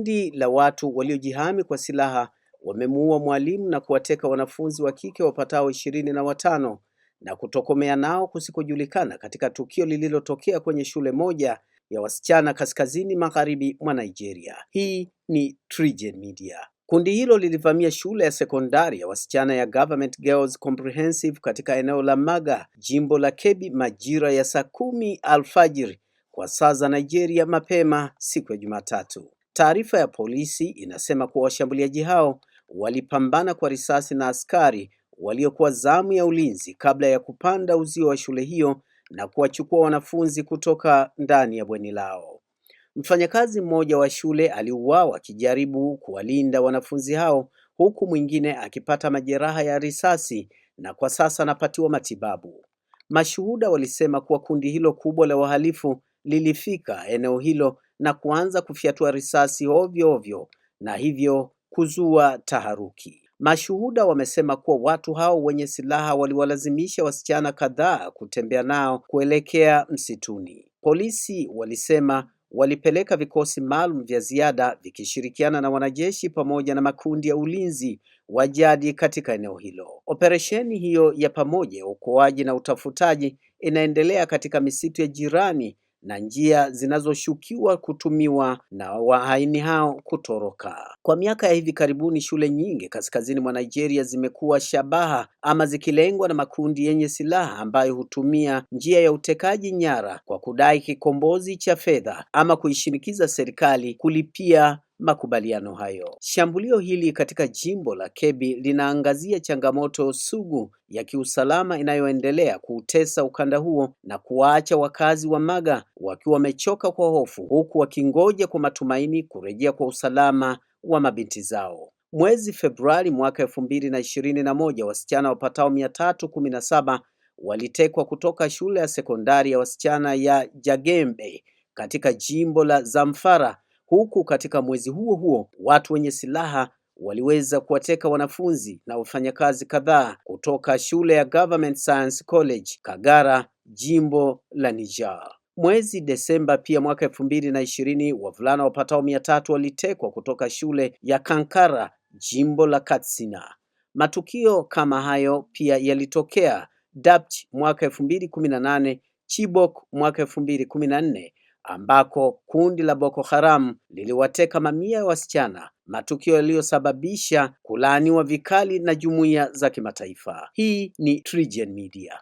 Kundi la watu waliojihami kwa silaha wamemuua mwalimu na kuwateka wanafunzi wa kike wapatao ishirini na watano na kutokomea nao kusikojulikana katika tukio lililotokea kwenye shule moja ya wasichana kaskazini magharibi mwa Nigeria. Hii ni TriGen Media. Kundi hilo lilivamia shule ya sekondari ya wasichana ya Government Girls Comprehensive katika eneo la Maga, jimbo la Kebbi majira ya saa kumi alfajiri kwa saa za Nigeria mapema siku ya Jumatatu. Taarifa ya polisi inasema kuwa washambuliaji hao walipambana kwa risasi na askari waliokuwa zamu ya ulinzi kabla ya kupanda uzio wa shule hiyo na kuwachukua wanafunzi kutoka ndani ya bweni lao. Mfanyakazi mmoja wa shule aliuawa akijaribu kuwalinda wanafunzi hao huku mwingine akipata majeraha ya risasi na kwa sasa anapatiwa matibabu. Mashuhuda walisema kuwa kundi hilo kubwa la wahalifu lilifika eneo hilo na kuanza kufyatua risasi ovyo ovyo na hivyo kuzua taharuki. Mashuhuda wamesema kuwa watu hao wenye silaha waliwalazimisha wasichana kadhaa kutembea nao kuelekea msituni. Polisi walisema walipeleka vikosi maalum vya ziada vikishirikiana na wanajeshi pamoja na makundi ya ulinzi wa jadi katika eneo hilo. Operesheni hiyo ya pamoja ya uokoaji na utafutaji inaendelea katika misitu ya jirani na njia zinazoshukiwa kutumiwa na wahaini hao kutoroka. Kwa miaka ya hivi karibuni, shule nyingi kaskazini mwa Nigeria zimekuwa shabaha ama zikilengwa na makundi yenye silaha ambayo hutumia njia ya utekaji nyara kwa kudai kikombozi cha fedha ama kuishinikiza serikali kulipia makubaliano hayo. Shambulio hili katika jimbo la kebi linaangazia changamoto sugu ya kiusalama inayoendelea kuutesa ukanda huo na kuwaacha wakazi wa Maga wakiwa wamechoka kwa hofu, huku wakingoja kwa matumaini kurejea kwa usalama wa mabinti zao. Mwezi Februari mwaka elfu mbili na ishirini na moja, wasichana wapatao mia tatu kumi na saba walitekwa kutoka shule ya sekondari ya wasichana ya Jagembe katika jimbo la Zamfara Huku katika mwezi huo huo watu wenye silaha waliweza kuwateka wanafunzi na wafanyakazi kadhaa kutoka shule ya Government Science College Kagara, jimbo la Niger. Mwezi Desemba pia mwaka elfu mbili na ishirini wavulana wapatao mia tatu walitekwa kutoka shule ya Kankara, jimbo la Katsina. Matukio kama hayo pia yalitokea Dapchi mwaka elfu mbili kumi na nane, Chibok mwaka elfu mbili kumi na nne ambako kundi la Boko Haram liliwateka mamia ya wasichana, matukio yaliyosababisha kulaaniwa vikali na jumuiya za kimataifa. Hii ni TriGen Media.